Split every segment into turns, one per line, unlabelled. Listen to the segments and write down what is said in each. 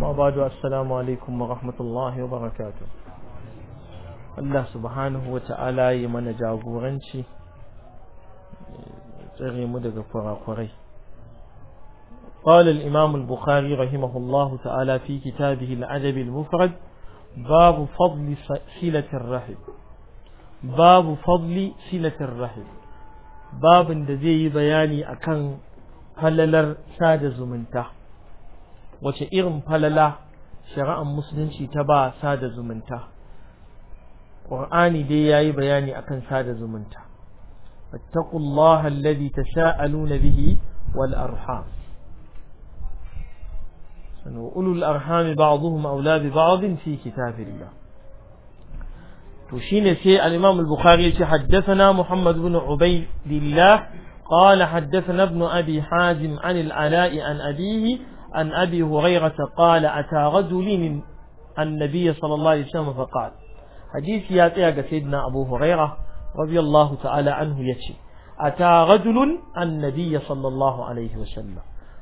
ما بعد السلام عليكم ورحمة الله وبركاته Allah subhanahu wa ta’ala yi mana jagoranci tsere mu daga kurakurai. Ƙwalil imamul Bukhari rahimahullahu ta’ala fi kitabihi al’adabil mufrad babu fadli silatin rahim. Babu da zai yi bayani akan kan halalar sada zumunta. wace irin falala shari'ar musulunci ta ba sada zumunta ƙur'ani dai yayi bayani akan sada zumunta fattaqullaha alladhi tasaaluna bihi wal arham sanu ulul arham ba'dhum awla bi ba'd fi kitabillah to shine sai al-imam al-bukhari yace haddathana muhammad ibn ubaydillah قال حدثنا ابن أبي حازم عن العلاء عن أبيه عن أبي هريرة قال أتى رجل النبي صلى الله عليه وسلم فقال حديث ياتي سيدنا أبو هريرة رضي الله تعالى عنه يتشي أتى رجل النبي صلى الله عليه وسلم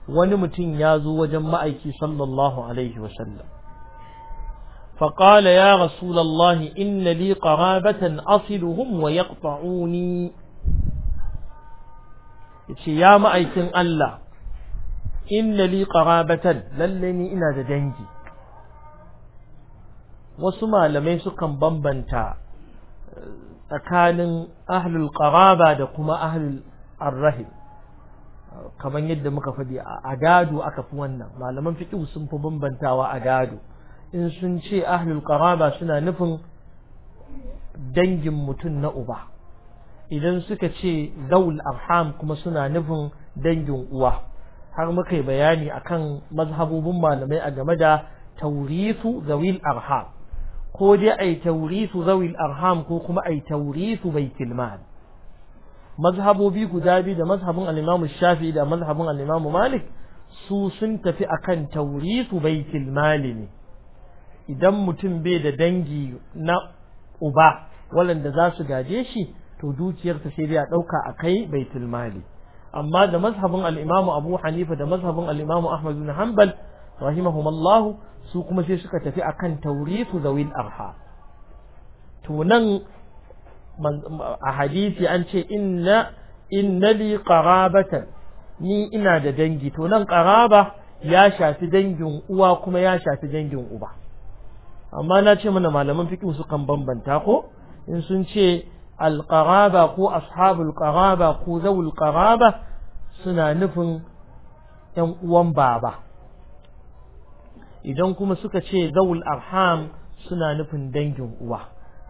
ونمتن يازو وجمعك صلى الله عليه وسلم فقال يا رسول الله إن لي قرابة أصلهم ويقطعوني يتشي يا مأيكن الله inna li qarabatan lalle ni ina da dangi wasu malamai sukan bambanta eh, tsakanin ahlul qaraba da kuma ahlul arrahim kamar yadda muka faɗi a gado aka fi wannan malaman fiqh sun fi bambantawa a gado in sun ce ahlul qaraba suna nufin dangin mutum na uba idan suka ce zaul arham kuma suna nufin dangin uwa har muka yi bayani akan mazhabobin malamai a game da taurisu zawil arham ko dai ai taurisu zawil arham ko kuma ai taurisu baitul mal mazhabobi guda biyu da mazhabin al-Imam da mazhabin al-Imam Malik su sun tafi akan taurisu baitul mal ne idan mutum bai da dangi na uba waɗanda za su gaje shi to dukiyarsa sai dai a ɗauka a kai baitul mali amma da mazhabin al-Imam Abu Hanifa da mazhabin al-Imam Ahmad bin Hanbal rahimahumullah su kuma sai suka tafi akan tawrisu zawil arha to nan a hadisi an ce inna inna li qarabatan ni ina da dangi to nan qaraba ya shafi dangin uwa kuma ya shafi dangin uba amma na ce mana malaman fiqh su kan bambanta ko in sun ce alƙaraba ko ashabul ƙaraba ko zawul ƙaraba suna nufin ‘yan uwan baba idan kuma suka ce zawul arham suna nufin dangin uwa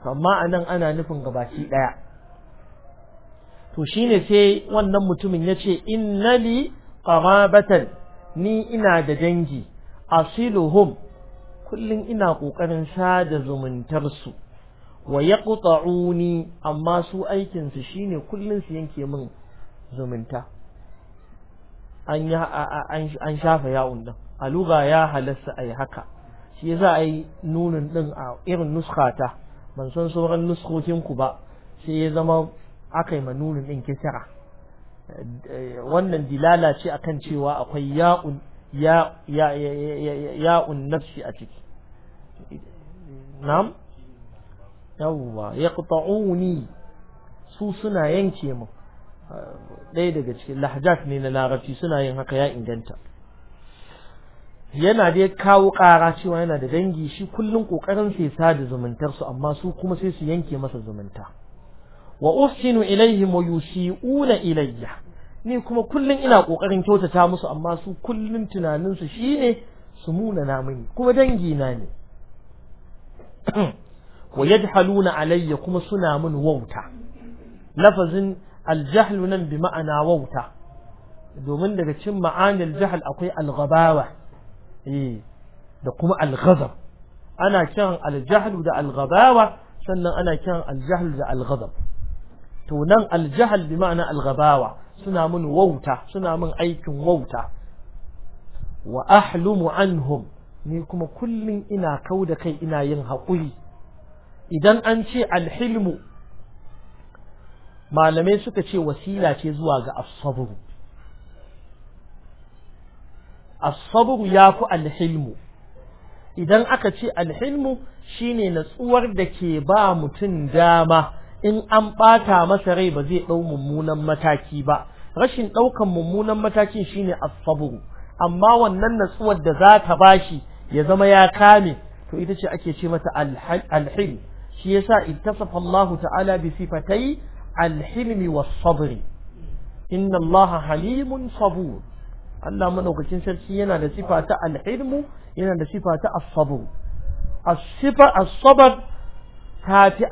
amma a nan ana nufin gabaki ɗaya to shine sai wannan mutumin ya ce innali ƙarabatan ni ina da dangi asiluhum kullum ina ƙoƙarin sada zumuntarsu wa yaqta'uni amma su aikin su shine kullun su yanke min zumunta an ya shafa ya'un din a lugha ya halasta ai haka shi yasa ai nunin ɗin a irin nuskata ban san sauran nuskokin ku ba sai ya zama aka yi manunin din kisra wannan dilala ce akan cewa akwai ya'un ya nafsi a ciki na'am yawwa yaqta'uni su suna yanke mu ɗaya daga cikin lahjat ne na larabci suna yin haka ya inganta yana da kawo ƙara cewa yana da dangi shi kullum ƙoƙarin sai sa zumuntar su amma su kuma sai su yanke masa zumunta wa ufsinu ilaihi wa yusi'una ilayya ni kuma kullum ina ƙoƙarin kyautata musu amma su kullum tunanin su shine su muna na kuma dangi na ne wa yajhaluna alayya kuma suna mun wauta lafazin aljahlu nan bi ma'ana wauta domin daga cin ma'anar jahal akwai alghabawa eh da kuma alghazab ana kiran aljahlu da alghabawa sannan ana kiran aljahlu da alghazab to nan aljahl bi ma'ana alghabawa suna mun wauta suna mun aikin wauta wa ahlumu anhum ni kuma kullum ina kau da kai ina yin haƙuri idan an ce alhilmu malamai suka ce wasila ce zuwa ga asabru asabru ya fi alhilmu idan aka ce alhilmu shine natsuwar da ke ba mutum dama in an ɓata masa rai ba zai ɗau mummunan mataki ba rashin ɗaukan mummunan matakin shine asabru amma wannan natsuwar da za ta bashi ya zama ya kame to ita ce ake ce mata alhilmu shi yasa ittasafa Allah ta'ala bi sifatai alhilmi was-sabr inna Allah halimun sabur Allah madaukakin sarki yana da sifa ta alhilmu yana da sifa ta as-sabr as-sifa as-sabr ta fi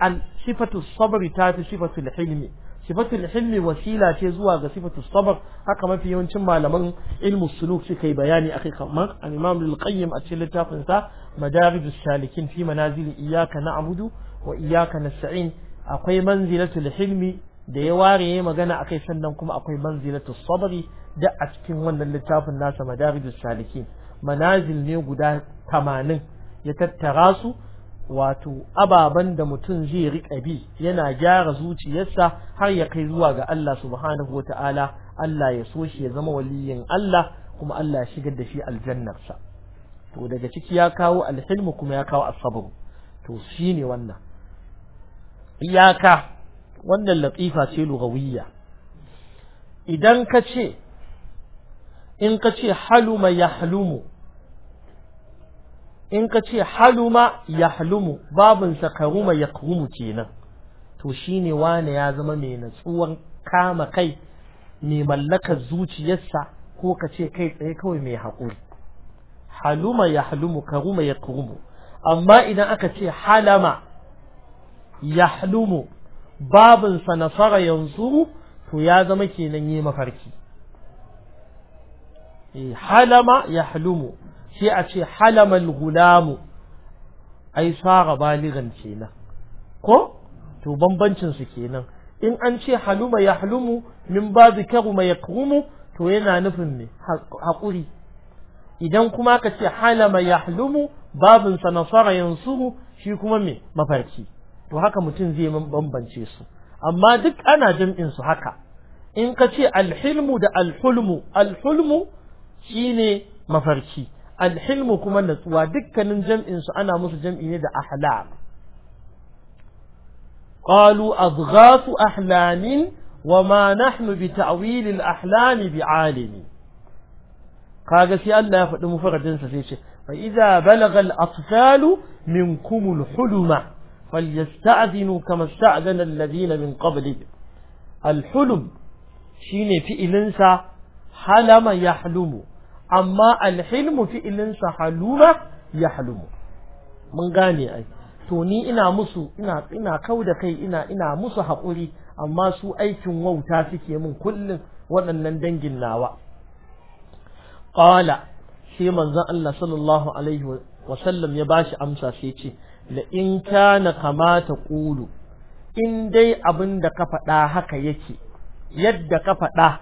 sifatu as-sabr ta fi sifatu al-hilmi sifatu al-hilmi wasila ce zuwa ga sifatu as-sabr haka mafi yawancin malaman ilmu suluk suka yi bayani akai kamar al-Imam al-Qayyim a cikin littafinsa sa Madarij as-Salikin fi manazil iyyaka na'budu wa iyyaka nasta'in akwai manzilatul hilmi da ya ware ya magana akai sannan kuma akwai manzilatul sabri da a cikin wannan littafin nasa madarijus salikin manazil ne guda 80 ya tattara su wato ababen da mutum zai riƙa bi yana gyara zuciyarsa har ya kai zuwa ga Allah subhanahu wata'ala Allah ya so shi ya zama waliyin Allah kuma Allah ya shigar da shi aljannarsa to daga ciki ya kawo alhilmu kuma ya kawo asabu to shine wannan iyaka wannan latifa ce lugawiyya idan ka ce in ka ce haluma yahlumu in ka ce haluma yahlumu karuma yakhumu kenan to shine wane ya zama mai natsuwan kama kai mai mallakar zuciyarsa ko ka ce kai tsaye kawai mai haƙuri haluma yahlumu karuma yakhumu amma idan aka ce halama yahlumu babin sa fara yanzu to ya zama kenan yi mafarki halama yahlumu shi a ce halamal gulamu ai fara baligan kenan ko to bambancin su kenan in an ce haluma yahlumu min babu mai yakrumu to yana nufin ne haƙuri idan kuma ka ce halama yahlumu babin sa fara yanzu shi kuma me mafarki to haka mutum zai bambance su amma duk ana jam'in su haka in ka ce alhilmu da alhulmu alhulmu shine mafarki alhilmu kuma natsuwa dukkanin jam'in su ana musu jam'i ne da ahlam qalu adghasu ahlamin ma nahnu bi ta'wil al-ahlam bi alimi kaga sai Allah ya faɗi mufaradin sa sai ce fa idza balagha al-atfalu minkum al-hulma فليستأذنوا كما استأذن الذين من قبلهم الحلم شيني في إلنسا حلم يحلم أما الحلم في إلنسا حلم يحلم من غاني أي توني إنا مسو إنا إنا كودا كي إنا إنا مسو حقولي أما سو أي تنوو تافكي من كل ونن دنجل ناوا قال شي منزان الله صلى الله عليه وسلم يباشي أمسا شيء la in kana kamata qulu in dai abin da ka faɗa haka yake yadda ka faɗa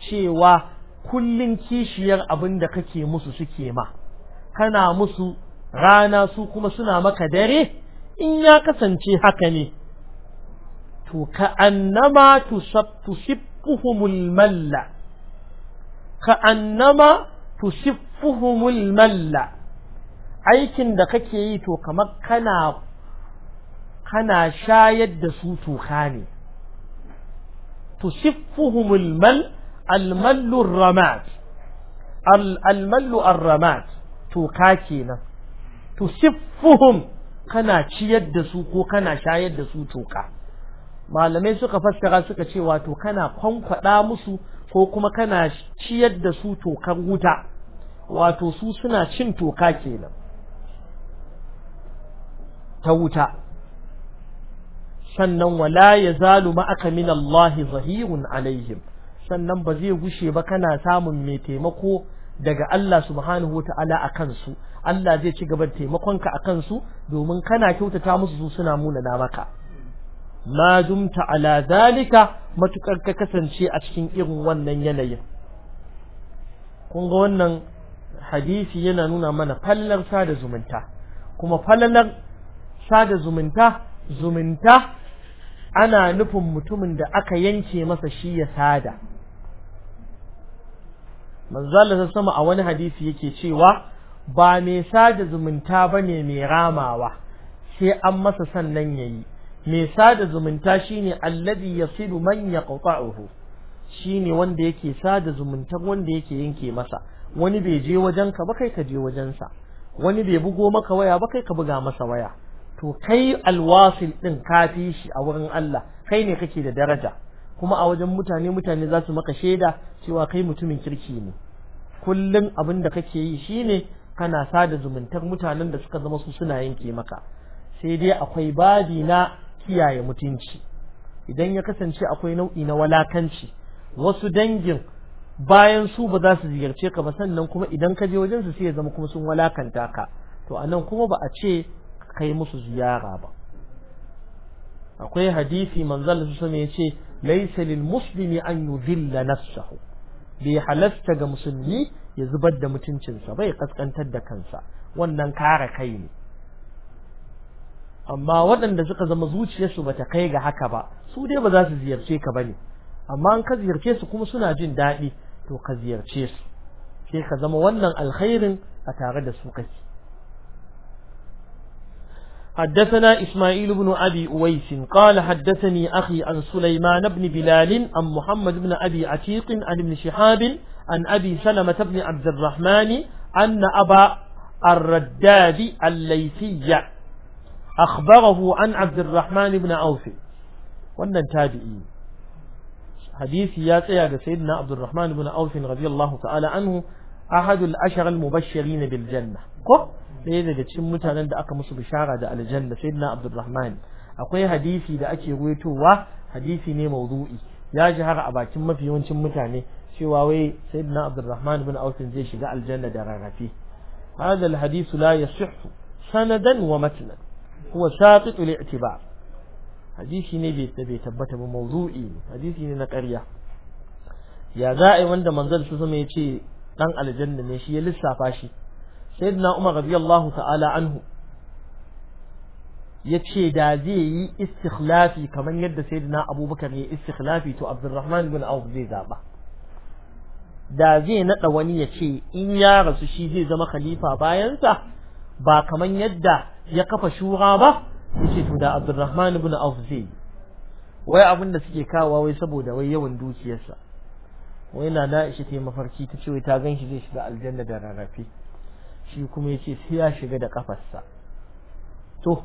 cewa kullun kishiyar abin da kake musu suke ma kana musu rana su kuma suna maka dare in ya kasance haka ne to ka annama tusiffuhumul malla ka annama tusiffuhumul malla aikin da kake yi to kamar kana kana shayar da su toka ne to almal almallu ramat almallu arramat toka kenan to tusiffuhum kana ciyar da su ko kana shayar da su toka malamai suka fassara suka ce wato kana kwankwada musu ko kuma kana ciyar da su tokan wuta wato su suna cin toka kenan ta wuta sannan wala ya zalu ma'aka min Allah zahirun alaihim sannan ba zai gushe ba kana samun mai taimako daga Allah subhanahu wa ta'ala a kansu Allah zai ci gaba da taimakonka a kansu domin kana kyautata musu su suna munana maka ma dumta ala zalika matukar ka kasance a cikin irin wannan yanayin kun ga wannan hadisi yana nuna mana fallar sada zumunta kuma falalar sada zumunta zumunta ana nufin mutumin da aka yanke masa shi ya sada manzala sama a wani hadisi yake cewa ba mai sada zumunta bane mai ramawa sai an masa sannan yayi mai sada zumunta shine alladhi yasilu man yaqta'uhu shine wanda yake sada zumunta wanda yake yanke masa wani bai je wajenka ba kai ka je wajensa wani bai bugo maka waya ba kai ka buga masa waya to kai alwasil din ka shi a wurin Allah kai ne kake da daraja kuma a wajen mutane mutane za su maka shaida cewa kai mutumin kirki ne kullum abin da kake yi shine kana sada zumuntar mutanen da suka zama su suna yanke maka sai dai akwai badi na kiyaye mutunci idan ya kasance akwai nau'i na walakanci wasu dangin bayan su ba za su ziyarce ka ba sannan kuma idan ka je wajen su sai ya zama kuma sun walakanta ka to anan kuma ba a ce kai musu ziyara ba akwai hadisi manzal su ya ce laisa lil muslimi an yudilla nafsahu bai halasta ga musulmi ya zubar da mutuncinsa bai kaskantar da kansa wannan kare kai ne amma waɗanda suka zama zuciyarsu bata kai ga haka ba su dai ba za su ziyarce ka bane amma an ka ziyarce su kuma suna jin daɗi to ka ziyarce su sai ka zama wannan alkhairin a tare da su kake حدثنا إسماعيل بن أبي أويس قال حدثني أخي عن سليمان بن بلال عن محمد بن أبي عتيق عن ابن شحاب عن أبي سلمة بن عبد الرحمن أن أبا الرداد الليثي أخبره عن عبد الرحمن بن أوف وأن تابعي حديث يا سيدنا عبد الرحمن بن أوف رضي الله تعالى عنه أحد العشر المبشرين بالجنة كو ɗaya daga cikin mutanen da aka musu bishara da aljanna sayyidina abdurrahman akwai hadisi da ake ruwaitowa hadisi ne mawdu'i ya shahara a bakin mafi yawancin mutane cewa wai sayyidina abdurrahman bin auf zai shiga aljanna da rarrafe هذا الحديث لا يصح سندا ومتنا هو ساقط الاعتبار hadisi ne bai tabbata ba mawdu'i hadisi ne na ƙarya ya za'i wanda manzon su ya ce dan aljanna ne shi ya lissafa shi sayyidina umar radiyallahu ta'ala anhu yace da zai yi istikhlafi kamar yadda sayyidina abubakar ya istikhlafi to abdurrahman ibn auf zai zaba da zai nada wani yace in ya rasu shi zai zama khalifa bayansa ba kaman yadda ya kafa shura ba yace to da abdurrahman ibn auf zai wai abin da suke kawo wai saboda wai yawan dukiyarsa wai na da shi ta mafarki ta ce ta gan shi zai shiga aljanna da rarrafe shi kuma ya ce sai ya shiga da kafarsa to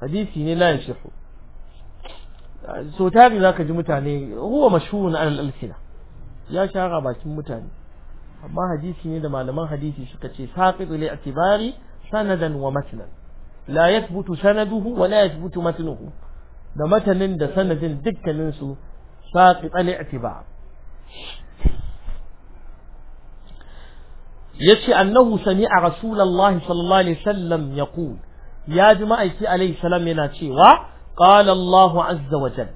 hadisi ne la yashifu so tari zaka ji mutane huwa mashhurun an al-alsina ya shahara bakin mutane amma hadisi ne da malaman hadisi suka ce saqidu li atibari sanadan wa matnan la yathbutu sanaduhu wa la yathbutu matnuhu da matanin da sanadin dukkanin su ساقط الاعتبار يتي أنه سمع رسول الله صلى الله عليه وسلم يقول يا جماعة عليه السلام يناتي وقال الله عز وجل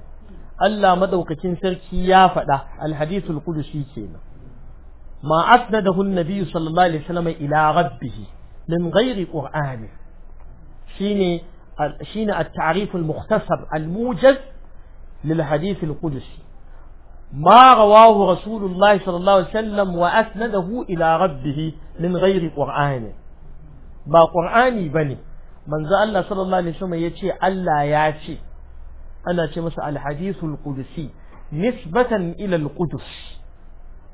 ألا مدوك تنسركي يا فتا الحديث القدسي كينا ما أسنده النبي صلى الله عليه وسلم إلى ربه من غير قرآنه شيني التعريف المختصر الموجز للحديث القدسي ما رواه رسول الله صلى الله عليه وسلم وأسنده إلى ربه من غير قرآن ما قرآني بني من ذا الله صلى الله عليه وسلم يتشي ألا ياتي أنا تمس الحديث القدسي نسبة إلى القدس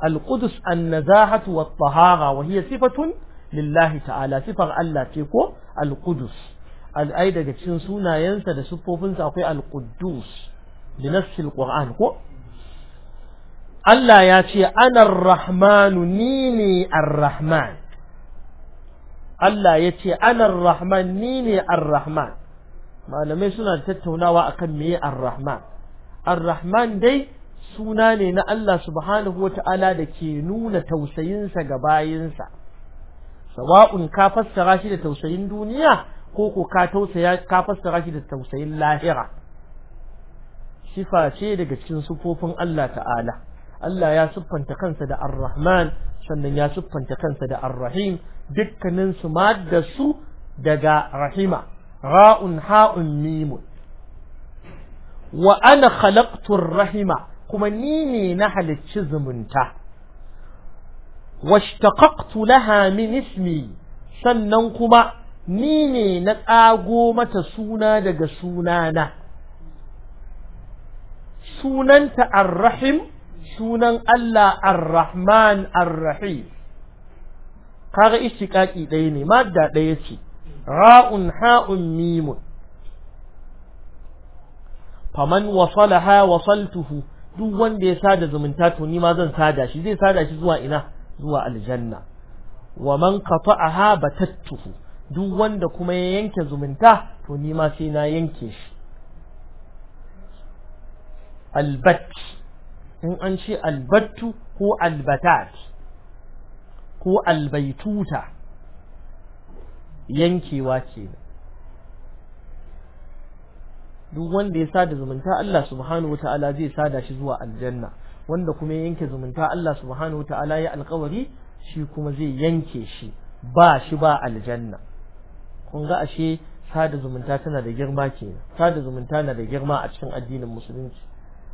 القدس النزاهة والطهارة وهي صفة لله تعالى صفة الله تيكو القدس الأيدة جتشن سونا ينسى لسفوفنس أقوي القدوس لنفس القرآن ko? Allah ya ce, Anar Rahmanu ni ne Ar-Rahman. Allah ya ce, Anar Rahman ni ne Ar-Rahman. Malamai suna tattaunawa akan meye Ar-Rahman. Ar-Rahman dai suna ne na Allah subhanahu wata'ala da ke nuna tausayinsa ga bayinsa. Sawa'un ka fassara shi da tausayin duniya ko ko ka fassara shi da tausayin lahira. sifa ce daga cikin sufofin Allah ta'ala Allah ya siffanta kansa da ar-rahman sannan ya siffanta kansa da ar-rahim dukkanin su madda su daga rahima ra'un ha'un mimun wa ana khalaqtu rahima kuma ni ne na halicci zumunta washtaqaqtu laha min ismi sannan kuma ni ne na tsago mata suna daga sunana sunanta arrahim sunan Allah arrahman rahman kaga istiqaqi ɗaya ne madda ɗaya ce ra'un ha'un mimun faman wasalaha wasaltuhu duk wanda ya sada zumunta to ni ma zan sada shi zai sada shi zuwa ina zuwa aljanna wa man qata'aha batattuhu duk wanda kuma ya yanke zumunta to ni ma sai na yanke shi albat in an ce albattu ko albatat ko albaituta yankewa ce duk wanda ya sada zumunta Allah subhanahu wata'ala zai sada shi zuwa aljanna wanda kuma ya yanke zumunta Allah subhanahu wata'ala ya alkawari shi kuma zai yanke shi ba shi ba aljanna kun ga ashe sada zumunta tana da girma kenan sada zumunta na da girma a cikin addinin musulunci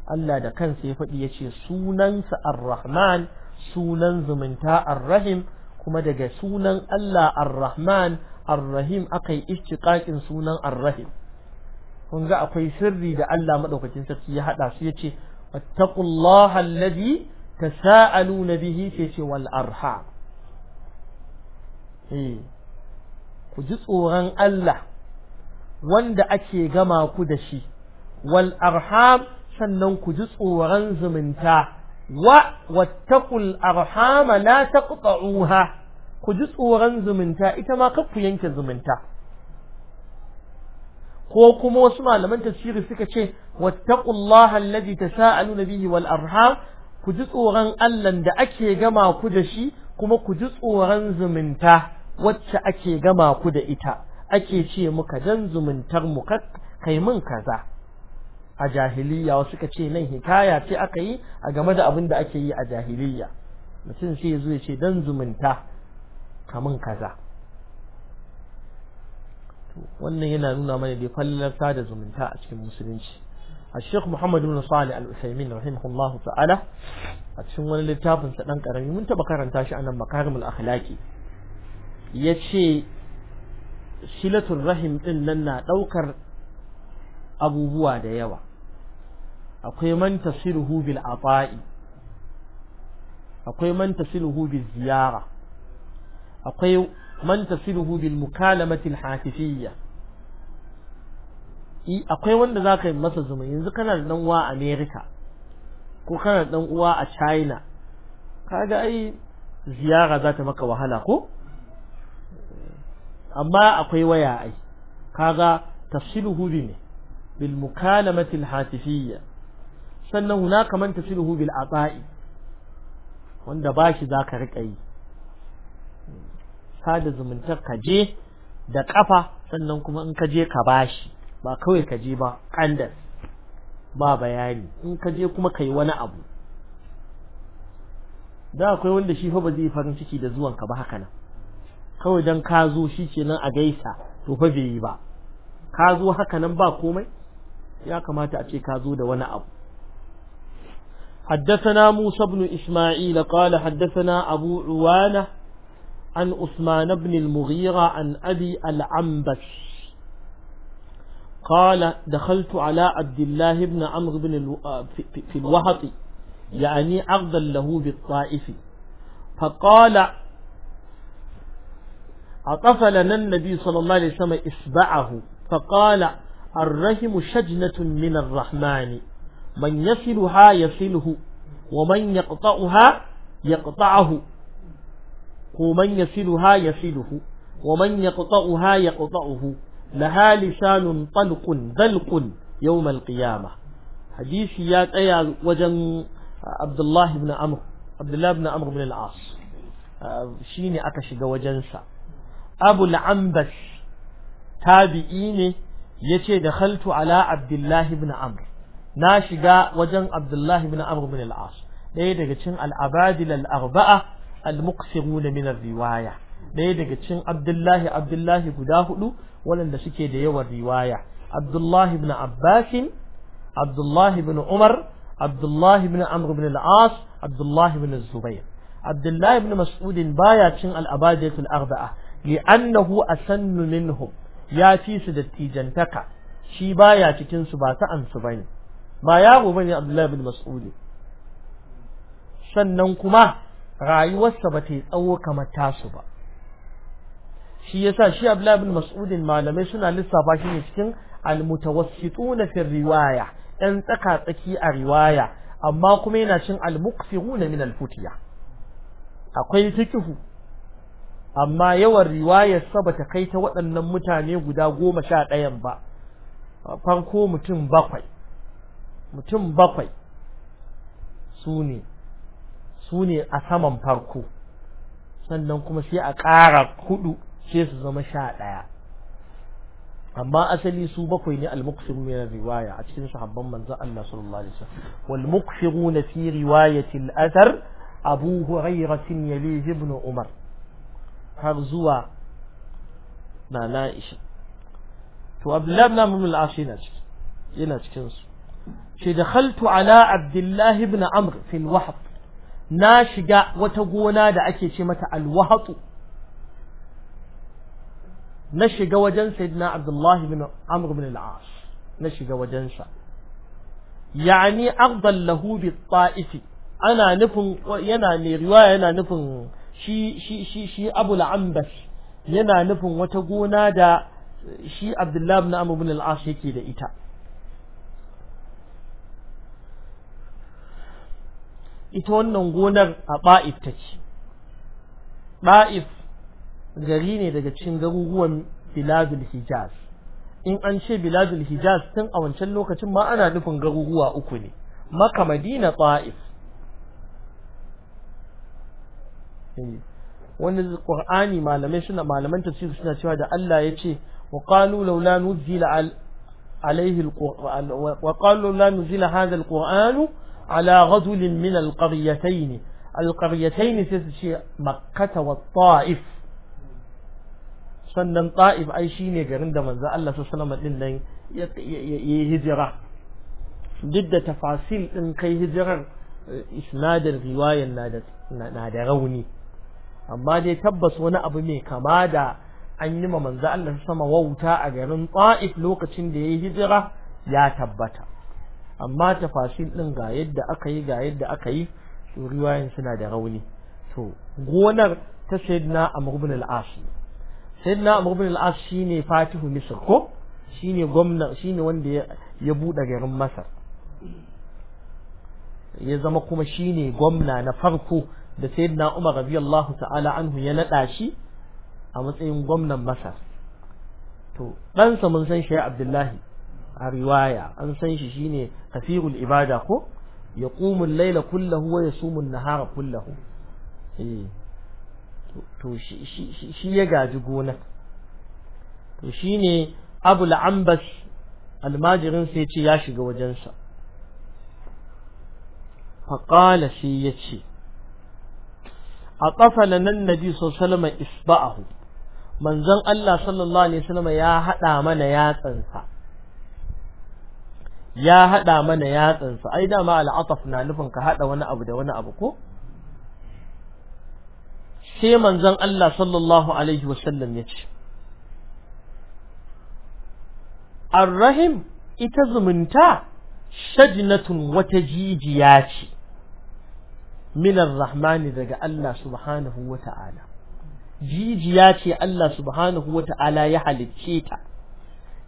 Allah da kansa ya faɗi ya ce sunansa ar-Rahman sunan zumunta ar-Rahim kuma daga sunan Allah ar-Rahman ar-Rahim aka yi ishtiqaqin sunan ar-Rahim kun ga akwai sirri da Allah madaukakin sarki ya hada su yace wattaqullaha allazi tasaaluna bihi sai ce wal arham eh ku ji tsoron Allah wanda ake gama ku da shi wal arham sannan ku ji tsoron zumunta wa wattaqul arhama la taqta'uha ku ji tsoron zumunta ita ma kar ku yanke zumunta ko kuma wasu malaman tafsiri suka ce wattaqullaha allazi tasaaluna bihi wal arham ku ji tsoron Allah da ake gama ku da shi kuma ku ji tsoron zumunta wacce ake gama ku da ita ake ce muka dan zumuntar mu kai mun kaza a jahiliya wasu ka ce nan hikaya ce aka yi a game da abin da ake yi a jahiliya mutum sai ya zo ya ce dan zumunta kamun kaza wannan yana nuna mana da fallarta da zumunta a cikin musulunci الشيخ محمد بن صالح الأثيمين رحمه الله a cikin wani littafin sa dan karami mun taba karanta shi anan makarimul akhlaqi yace silatul rahim din nan na daukar abubuwa da yawa akwai man tasiruhu bil ata'i akwai manta tasiruhu bil ziyara akwai man tasiruhu bil mukalamati al akwai wanda zaka yi masa zuma yanzu kana da dan uwa America ko kana da dan uwa a China kaga ai ziyara za ta maka wahala ko amma akwai waya ai kaga tafsiluhu bi ne bil mukalamati al-hatifiyya sannan hunaka man tasiluhu bil ata'i wanda bashi zaka rika yi sada zumunta ka je da kafa sannan kuma in ka je ka bashi ba kawai ka je ba kandas ba bayani in ka je kuma kai wani abu da akwai wanda shi fa ba zai farin ciki da zuwan ka ba haka nan kawai dan ka zo shikenan a gaisa to fa bai yi ba ka zo haka nan ba komai ya kamata a ce ka zo da wani abu حدثنا موسى بن إسماعيل قال حدثنا أبو عوانة عن أثمان بن المغيرة عن أبي العنبش قال دخلت على عبد الله بن عمرو بن الو... آه، في, في الوهط يعني عرضا له بالطائف فقال عطف لنا النبي صلى الله عليه وسلم إسبعه فقال الرحم شجنة من الرحمن man yasiluha yasiluhu wa man yaqta'uha yaqta'uhu ko man yasiluha yasiluhu wa man yaqta'uha yaqta'uhu laha lisanun talqun dalqun yawm al-qiyamah hadisi ya tsaya wajen uh, Abdullah ibn Amr Abdullah ibn Amr ibn al-As uh, shine aka shiga wajensa Abu al-Ambas tabi'i ne yace dakhaltu ala Abdullah ibn Amr na shiga wajen Abdullahi ibn Amr ibn al-As ɗaya daga cin al-abadil al-arba'a al-muqsirun min riwaya ɗaya daga cin Abdullahi Abdullahi guda hudu waɗanda suke da yawan riwaya Abdullahi ibn Abbas Abdullahi ibn Umar Abdullahi ibn Amr ibn al-As Abdullahi ibn Zubair Abdullahi ibn Mas'ud baya cin al-abadil arbaa li'annahu asannu minhum ya fi su dattijantaka shi baya cikin su ba ta ansu bane ba yaro bane Abdullahi bin Mas'ud sannan kuma rayuwarsa ba ta yi tsawo kamar tasu ba shi yasa shi Abdullahi bin Mas'ud malamai suna lissafa shi ne cikin al-mutawassituna fi riwaya dan tsaka tsaki a riwaya amma kuma yana cin al-muqsiruna min al-futiya akwai tikihu amma yawan riwayar sa bata kai ta waɗannan mutane guda goma sha ɗayan ba farko mutum bakwai mutum bakwai su ne su ne a saman farko sannan kuma sai a ƙara hudu sai su zama sha ɗaya amma asali su bakwai ne al-muqsiru min riwaya a cikin sahabban manzo Allah sallallahu alaihi wasallam wal muqsiruna fi riwayati al-athar Abu Hurairah yalihi ibn Umar har zuwa na Aisha to Abdullah ibn al-Ash yana cikin su ce dakhaltu ala abdullahi ibn amr fil wahab na shiga wata gona da ake ce mata alwahatu na shiga wajen sayyidina abdullahi ibn amr ibn al-as na shiga wajensa yani ardan lahu bi ta'ifi ana nufin yana ne riwaya yana nufin shi shi shi shi abul ambas yana nufin wata gona da shi abdullahi ibn amr ibn al-as yake da ita ita wannan gonar a ba'if take ba'if gari ne daga cikin garuruwan biladul hijaz in an ce biladul hijaz tun a wancan lokacin ma ana nufin garuruwa uku ne maka madina ba'if wani qur'ani malamai suna malaman tafsir suna cewa da Allah ya ce wa qalu laula nuzila alaihi alquran ala rajulin min alqaryatayn alqaryatayn sai su ce makkata wa sannan ta'if ai shine garin da manzo Allah sallallahu alaihi wasallam ya hijira duk da tafasil din kai hijirar isnadin riwaya na da rauni amma dai tabbas wani abu mai kama da an yi ma manzo Allah sama wauta a garin Ta'if lokacin da ya hijira ya tabbata amma tafasil din ga yadda aka yi ga yadda aka yi to riwayan suna da rauni to gonar ta sayyidina Amr ibn al-As sayyidina Amr ibn al-As shine fatihu Misr ko shine gwamna shine wanda ya buɗe garin Masar ya zama kuma shine gwamna na farko da sayyidina Umar radiyallahu ta'ala anhu ya nada shi a matsayin gwamnan Masar to ɗansa mun san shi Abdullahi a riwaya an san shi shine kafirul ibada ko ya kumun laila kullahu wa ya sumun nahara kullahu eh to shi ya gaji gona to shi ne abul ambas almajirin sai ce ya shiga wajensa faƙala sai ya ce a ƙafa na nan na nabi sallama isba'ahu manzon Allah sallallahu alaihi wasallam ya haɗa mana yatsansa ya hada mana sa ai dama al'ataf na nufin ka hada wani abu da wani abu ko sai manzon Allah sallallahu alaihi wasallam ya ce rahim ita zumunta shajnatun wata jijiya ce Minan rahmani daga Allah subhanahu wa ta'ala jijiya ce Allah subhanahu wa ta'ala ya halicce ta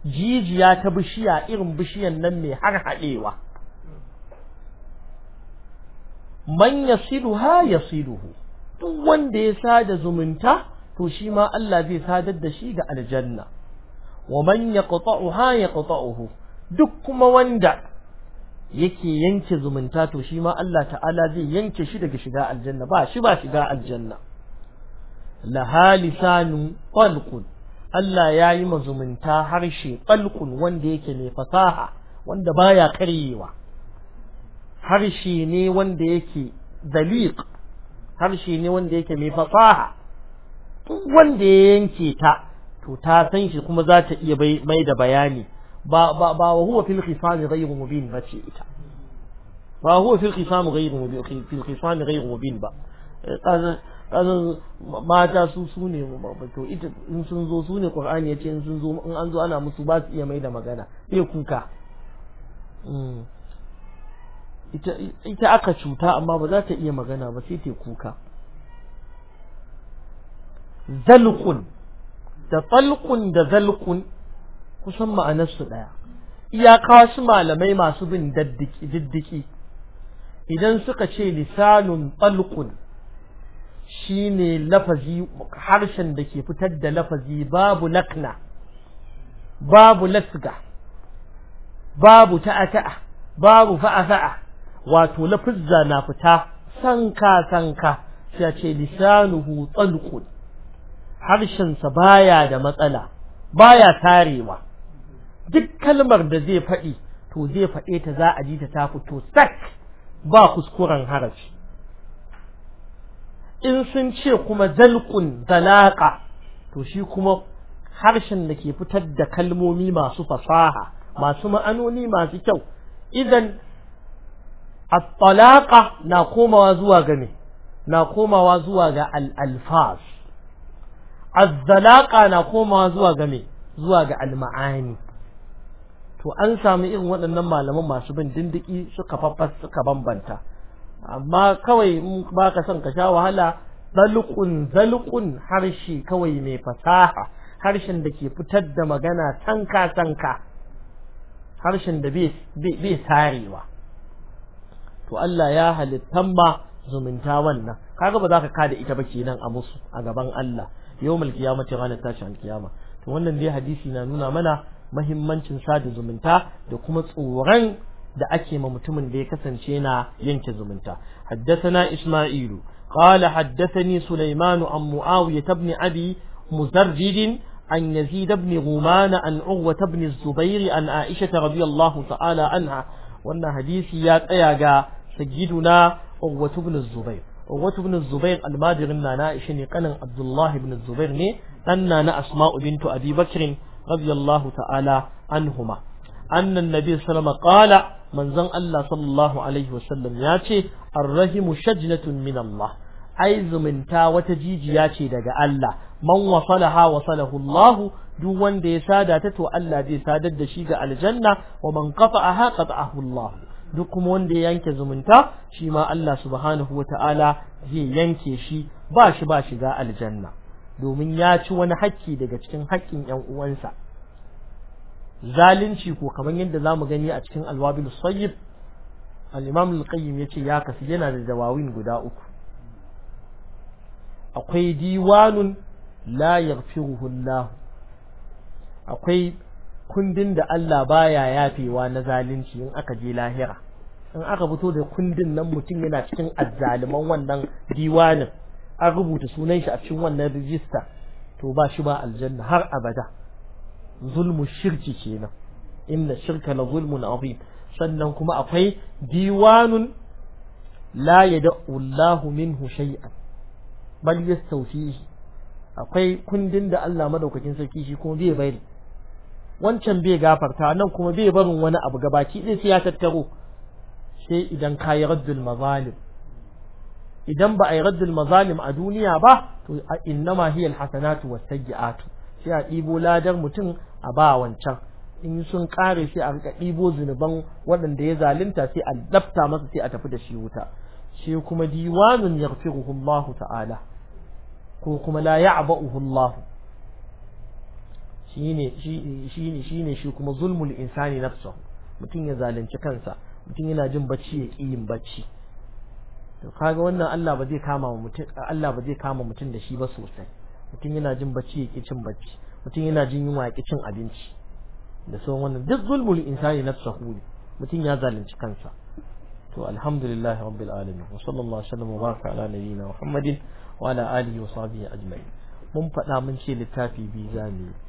jijiya ta bishiya irin bishiyan nan mai har haɗewa man yasiluha yasiluhu duk wanda ya sada zumunta to shi ma Allah zai sadar da shi ga aljanna wa man yaqta'uha yaqta'uhu duk kuma wanda yake yanke zumunta to shi ma Allah ta'ala zai yanke shi daga shiga aljanna ba shi ba shiga aljanna laha lisanu qalqun Allah ya yi mazumunta harshe ɓalkun wanda yake mai fasaha wanda baya karyewa harshe ne wanda yake daliq harshe ne wanda yake mai fasaha duk wanda ya yanke ta to ta san shi kuma za ta iya mai da bayani ba ba ba wa huwa fil sami ghayru mubin ba ce ita ba huwa fil sami ghayru mubin fil ghayru mubin ba eh, mata su su ne to ita in sun zo su ne qur'ani yace in sun zo in an zo ana musu ba su iya mai da magana sai kuka hmm. ita ita aka cuta amma ba za ta iya magana ba sai ta kuka zalqun da talqun da zalqun kusan ma'anar su daya iyaka wasu malamai masu bin diddiki idan suka ce lisanun talqun shine lafazi harshen da ke fitar da lafazi babu lakna babu lasga babu ta'ata babu fa'afa'a wato lafizza na fita sanka sanka sai ce lisanuhu talqul harshen sa baya da matsala baya tarewa duk kalmar da zai faɗi to zai faɗe ta za a ji ta ta fito sak ba kuskuren haraji. in sun ce kuma zalqun zalaqa to shi kuma harshen da ke fitar da kalmomi masu fasaha masu ma'anoni masu kyau idan at-talaqa na komawa zuwa ga me na komawa zuwa ga al-alfaz az-zalaqa na komawa zuwa ga me zuwa ga al-ma'ani to an samu irin waɗannan malaman masu bin dindiki suka faffas suka bambanta amma kawai ba ka son ka sha wahala zalukun zalukun harshe kawai mai fasaha harshen da ke fitar da magana tanka tanka harshen da bai sarewa. to Allah ya halittan ma zumunta wannan kaga ba za ka kada ita ba kenan a musu a gaban Allah yawmal qiyamati ranar tashin alkiyama to wannan dai hadisi na nuna mana mahimmancin sada zumunta da kuma tsoron da ake ma mutumin da ya kasance na yanke zumunta haddathana isma'ilu qala haddathani sulaimanu an muawiya ibn abi muzarrid an yazid ibn rumana an urwa ibn zubair an aisha radiyallahu ta'ala anha wannan hadisi ya tsaya ga sayyiduna urwa ibn zubair urwa ibn zubair almadirin na aisha ne kanin abdullahi ibn zubair ne dan na asma'u bintu abi bakr radiyallahu ta'ala anhuma أن النبي صلى الله عليه وسلم قال manzon Allah sallallahu alaihi wasallam ya ce arrahimu shajnatun min Allah ai zumunta wata jijiya ce daga Allah man wasalaha wasalahu Allah duk wanda ya sada ta to Allah zai sadar da shi ga aljanna wa man qata'aha qata'ahu Allah duk kuma wanda ya yanke zumunta shi ma Allah subhanahu wa Ta'ala zai yanke shi ba shi ba shi ga aljanna domin ya ci wani hakki daga cikin haƙƙin 'yan uwansa zalunci ko kamar yadda za mu gani a cikin alwabil sayyid al-imam al-qayyim ya kasu yana da dawawin guda uku akwai diwanun la yaghfiruhu Allah akwai kundin da Allah baya yafewa na zalunci in aka je lahira in aka fito da kundin nan mutum yana cikin azzaliman wannan diwanin an rubuta sunan shi a cikin wannan rijista to ba shi ba aljanna har abada zulmu shirki kenan inna shirka la zulmun azim sannan kuma akwai diwanun la yad'u Allahu minhu shay'an bal yastawfihi akwai kundin da Allah madaukakin sarki shi kuma bai bari wancan bai gafarta nan kuma bai barin wani abu gabaki zai sai ya tattaro sai idan ka raddul mazalim idan ba a yi raddul mazalim a duniya ba to innama hiya alhasanatu was gi'atu. sai a ɗibo ladar mutum a ba wancan in sun kare sai a rika ɗibo zunuban waɗanda ya zalunta sai a lafta masa sai a tafi da shi wuta shi kuma diwanun yaghfiruhu Allah ta'ala ko kuma la ya'ba'uhu Allah shine shine shine shi kuma zulmul insani nafsuhu mutum ya zalunci kansa mutum yana jin bacci ya ƙi yin bacci to kaga wannan Allah ba zai kama mutum Allah ba zai kama mutum da shi ba sosai mutum yana jin bacci ya ƙi cin bacci mutum yana jin yunwa ya cin abinci da sauran wannan duk zulmul insani nafsahu ne mutum ya zalunci kansa to alhamdulillah rabbil alamin wa sallallahu alaihi wa baraka ala nabiyyina muhammadin wa ala alihi wa sahbihi ajma'in mun faɗa mun ce littafi bi zamu yi